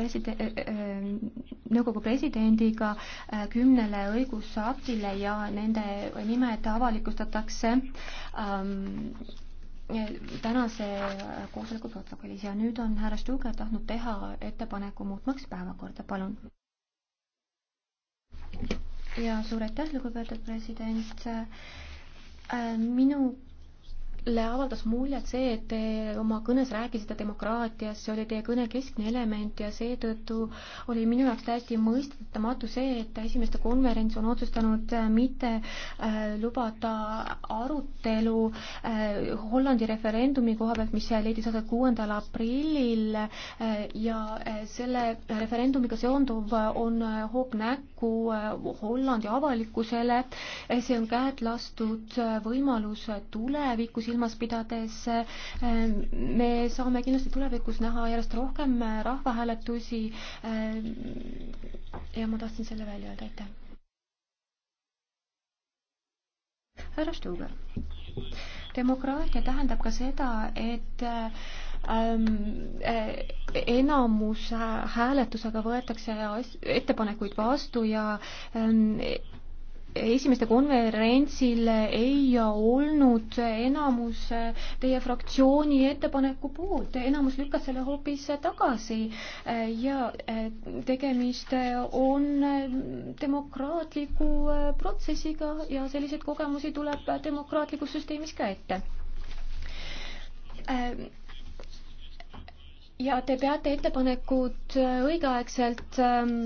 preside-, nõukogu presidendiga äh, kümnele õigusaktile ja nende nimed avalikustatakse ähm, tänase koosoleku protokollis ja nüüd on härra Stuge tahtnud teha ettepaneku muutmaks päevakorda, palun. ja suur aitäh, lugupeetud president. Äh, minu Le avaldas muljet see, et te oma kõnes rääkisite demokraatiast, see oli teie kõne keskne element ja seetõttu oli minu jaoks täiesti mõistetamatu see, et esimeste konverents on otsustanud äh, mitte äh, lubada arutelu äh, Hollandi referendumi koha pealt, mis leidis aset kuuendal aprillil äh, ja äh, selle referendumiga seonduv äh, on hoog näkku Hollandi avalikkusele. see on käed lastud võimalus tulevikus ilma silmas pidades ähm, me saame kindlasti tulevikus näha järjest rohkem äh, rahvahääletusi. Ähm, ja ma tahtsin selle välja öelda, aitäh. härra Stuber, demokraatia tähendab ka seda, et ähm, äh, enamuse hääletusega võetakse ettepanekuid vastu ja esimeste konverentsil ei olnud enamus teie fraktsiooni ettepaneku poolt, enamus lükkas selle hoopis tagasi ja eh, tegemist on demokraatliku eh, protsessiga ja selliseid kogemusi tuleb demokraatlikus süsteemis ka ette eh, ja te peate ettepanekud õigeaegselt ähm,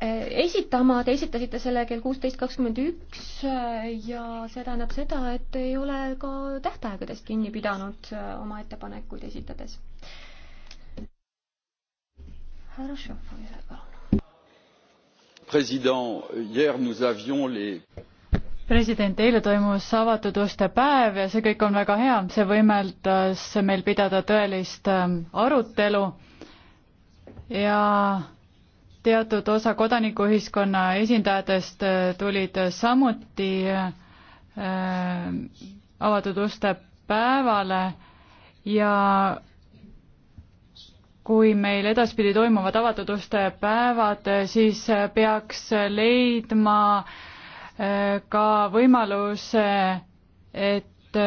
Eh, esitama, te esitasite selle kell kuusteist kakskümmend üks eh, ja see tähendab seda, et ei ole ka tähtaegadest kinni pidanud eh, oma ettepanekuid esitades. härra Šofovi, palun. president, hier nous avions les president, eile toimus avatud uste päev ja see kõik on väga hea, see võimaldas meil pidada tõelist arutelu ja teatud osa kodanikuühiskonna esindajatest äh, tulid samuti äh, avatud uste päevale ja kui meil edaspidi toimuvad avatud uste päevad, siis peaks leidma äh, ka võimaluse, et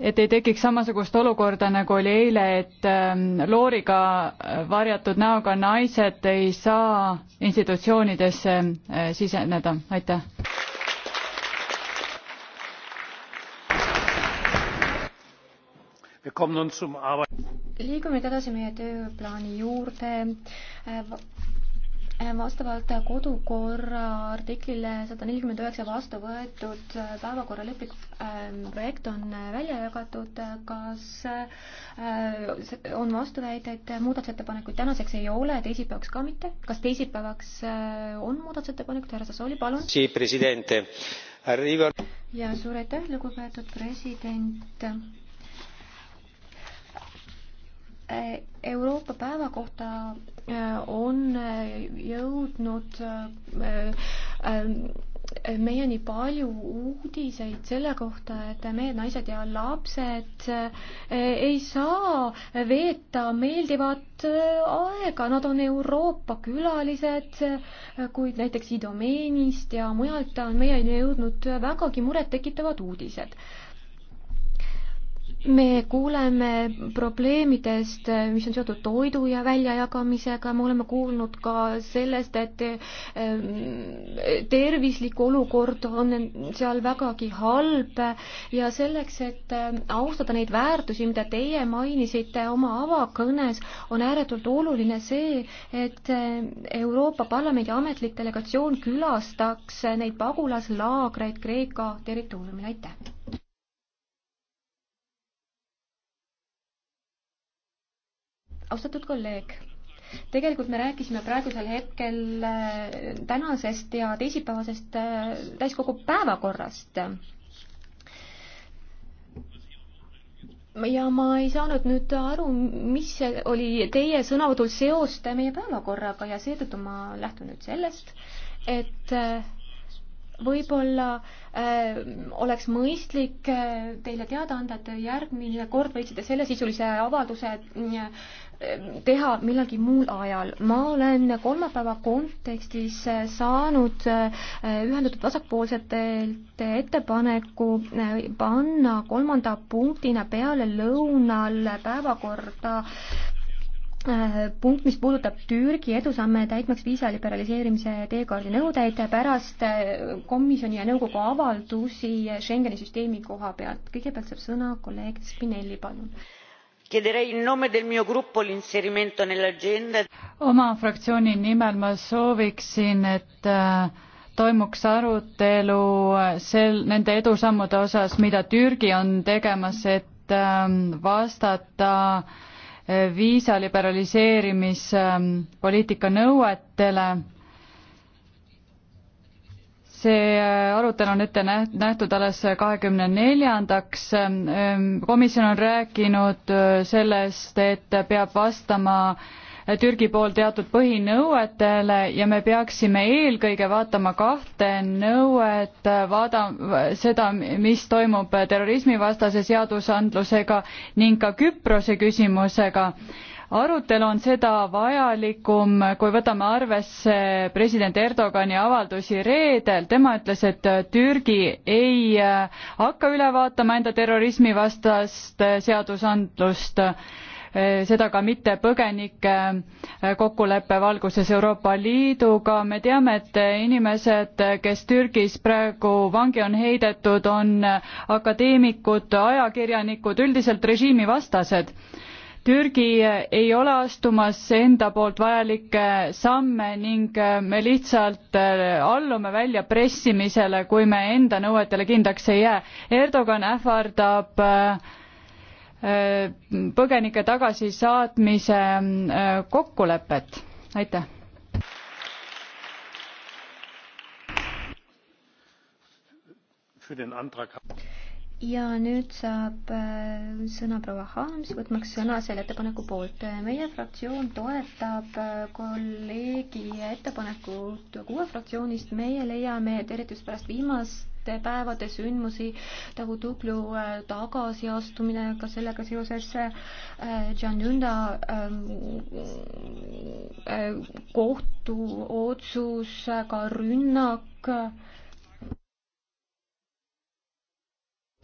et ei tekiks samasugust olukorda, nagu oli eile, et ähm, looriga äh, varjatud näoga naised ei saa institutsioonidesse äh, siseneda, aitäh. liigume nüüd edasi meie tööplaani juurde äh, vastavalt kodukorra artiklile sada nelikümmend üheksa vastu võetud äh, päevakorra lõplik ähm, projekt on äh, välja jagatud. kas äh, on vastuväiteid, muudatusettepanekuid tänaseks ei ole, teisipäevaks ka mitte? kas teisipäevaks on muudatusettepanekud, härra Sassooli, palun? ja suur aitäh, lugupeetud president Äh, Euroopa päeva kohta äh, on äh, jõudnud meieni palju uudiseid selle kohta, et mehed, naised ja lapsed ei saa veeta meeldivat aega, nad on Euroopa külalised, kuid näiteks Idomeenist ja mujalt on meieni jõudnud vägagi murettekitavad uudised me kuuleme probleemidest, mis on seotud toidu ja väljajagamisega, me oleme kuulnud ka sellest, et ehm, tervislik olukord on seal vägagi halb ja selleks, et ehm, austada neid väärtusi, mida teie mainisite oma avakõnes, on ääretult oluline see, et ehm, Euroopa Parlamendi ametlik delegatsioon külastaks neid pagulaslaagreid Kreeka territooriumil, aitäh! austatud kolleeg tegelikult me rääkisime praegusel hetkel äh, tänasest ja teisipäevasest äh, täiskogu päevakorrast. ja ma ei saanud nüüd aru, mis oli teie sõnavõtul seost meie päevakorraga ja seetõttu ma lähtun nüüd sellest, et äh, võib-olla äh, oleks mõistlik äh, teile teada anda, et järgmine kord võiksite sellesisulise avalduse äh, teha millalgi muul ajal. ma olen kolmapäeva kontekstis saanud äh, ühendatud vasakpoolsetelt ettepaneku äh, panna kolmanda punktina peale lõunal päevakorda äh, punkt, mis puudutab Türgi edusamme täitmaks viisa liberaliseerimise teekaardi nõudeid pärast komisjoni ja nõukogu avaldusi Schengeni süsteemi koha pealt. kõigepealt saab sõna kolleeg Spinelli, palun chiederei in nome del mio gruppo l'inserimento nell'agenda. oma fraktsiooni nimel ma sooviksin et äh, toimuks arutelu äh, sel nende edusammude osas mida türgi on tegemas et ähm, vastata äh, viisa liberaliseerimispoliitika ähm, nõuetele see äh, arutelu on ette nähtud alles kahekümne neljandaks. Ähm, ähm, komisjon on rääkinud äh, sellest, et peab vastama äh, Türgi pool teatud põhinõuetele ja me peaksime eelkõige vaatama kahte nõuet, vaada seda, mis toimub terrorismivastase seadusandlusega ning ka Küprose küsimusega arutelu on seda vajalikum, kui võtame arvesse president Erdogani avaldusi reedel, tema ütles, et Türgi ei äh, hakka üle vaatama enda terrorismivastast äh, seadusandlust, äh, seda ka mitte põgenike kokkuleppe valguses Euroopa Liiduga, me teame, et inimesed, kes Türgis praegu vangi on heidetud, on akadeemikud, ajakirjanikud, üldiselt režiimivastased Türgi ei ole astumas enda poolt vajalikke samme ning äh, me lihtsalt äh, allume väljapressimisele, kui me enda nõuetele kindlaks ei jää. Erdogan ähvardab äh, põgenike tagasisaatmise kokkulepet. aitäh. für den Antrag ja nüüd saab äh, sõna proua Haams, võtmaks sõna selle ettepaneku poolt. meie fraktsioon toetab äh, kolleegi ettepanekut kuue fraktsioonist. meie leiame, et eriti just pärast viimaste päevade sündmusi, nagu Tuglu äh, tagasiastumine, ka sellega seoses Janjunda ähm, kohtuotsus, ka rünnak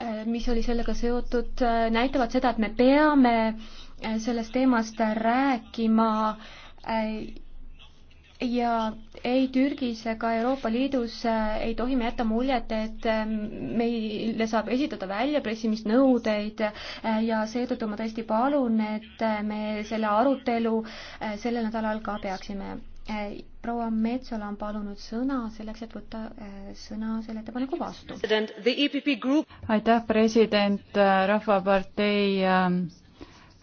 Äh, mis oli sellega seotud, äh, näitavad seda, et me peame äh, sellest teemast rääkima ja ei Türgis ega Euroopa Liidus ei tohi me jätta muljet, et meile saab esitada väljapressimisnõudeid ja seetõttu ma tõesti palun, et me selle arutelu sellel nädalal ka peaksime Eh, proua Metsola on palunud sõna selleks, et võtta eh, sõna selle ettepaneku vastu. E aitäh, president, eh, Rahvapartei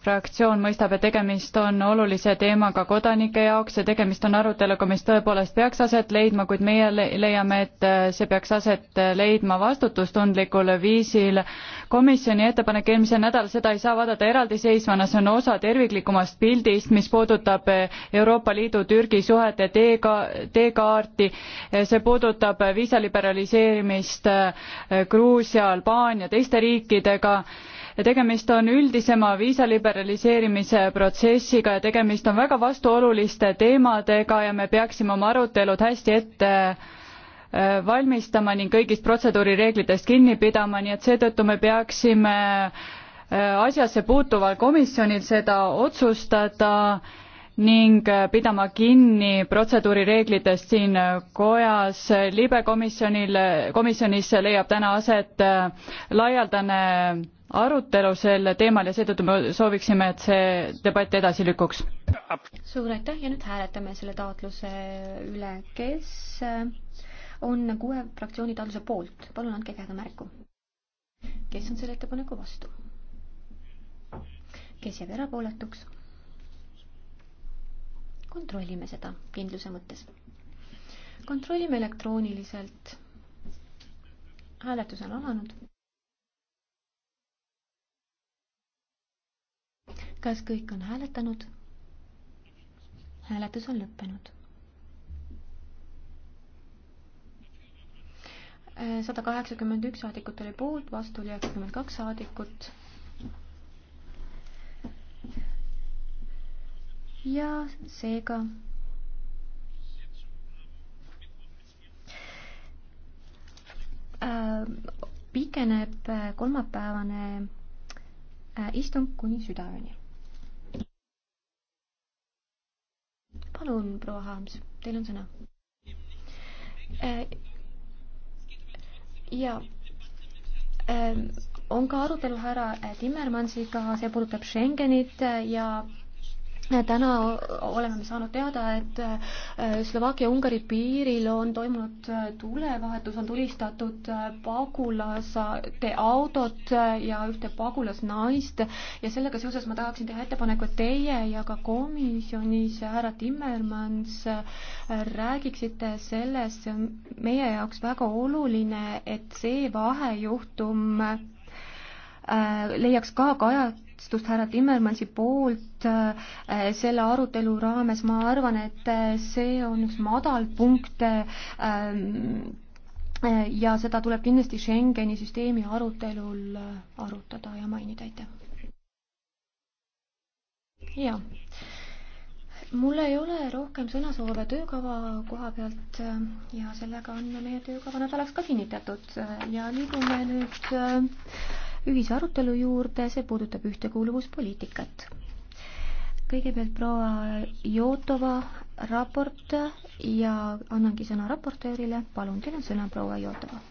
fraktsioon mõistab, et tegemist on olulise teemaga kodanike jaoks ja tegemist on aruteluga, mis tõepoolest peaks aset leidma, kuid meie leiame, et äh, see peaks aset äh, leidma vastutustundlikul viisil. komisjoni ettepanek eelmisel nädalal, seda ei saa vaadata eraldiseisvana, see on osa terviklikumast pildist, mis puudutab äh, Euroopa Liidu-Türgi suhete teega, teekaarti, see puudutab viisaliberaliseerimist Gruusia, Albaania, teiste riikidega tegemist on üldisema viisa liberaliseerimise protsessiga ja tegemist on väga vastuoluliste teemadega ja me peaksime oma arutelud hästi ette äh, valmistama ning kõigist protseduurireeglitest kinni pidama, nii et seetõttu me peaksime äh, asjasse puutuval komisjonil seda otsustada ning äh, pidama kinni protseduurireeglitest siin kojas. libe komisjonil, komisjonis leiab täna aset laialdane arutelu sel teemal ja seetõttu me sooviksime, et see debatt edasi lükkuks. suur aitäh ja nüüd hääletame selle taotluse üle, kes äh, on kuue fraktsiooni taotluse poolt, palun andke käega märku. kes on selle ettepaneku vastu? kes jääb erapooletuks? kontrollime seda kindluse mõttes. kontrollime elektrooniliselt. hääletus on alanud kas kõik on hääletanud? hääletus on lõppenud. Äh, sada kaheksakümmend üks saadikut oli poolt, vastu oli üheksakümmend kaks saadikut. ja seega äh, pikeneb äh, kolmapäevane istung kuni südaööni. palun, proua Haams, teil on sõna. Äh, ja ähm, on ka arutelu härra Timmermansiga, see puudutab Schengenit äh, ja täna oleme me saanud teada, et äh, Slovakkia-Ungari piiril on toimunud äh, tulevahetus, on tulistatud äh, pagulaste autot ja ühte pagulasnaist ja sellega seoses ma tahaksin teha ettepaneku, et teie ja ka komisjonis härra Timmermans räägiksite sellest, see on meie jaoks väga oluline, et see vahejuhtum leiaks ka kajat-, kaitstud härra Timmermansi poolt äh, selle arutelu raames, ma arvan, et äh, see on üks madalpunkt äh, ja seda tuleb kindlasti Schengeni süsteemi arutelul arutada ja mainida, aitäh. ja mul ei ole rohkem sõnasoove töökava koha pealt ja sellega on meie töökava nädalaks ka kinnitatud ja liigume nüüd ühise arutelu juurde, see puudutab ühtekuuluvuspoliitikat. kõigepealt proua Jootova raport ja annangi sõna raportöörile, palun, teil on sõna, proua Jootova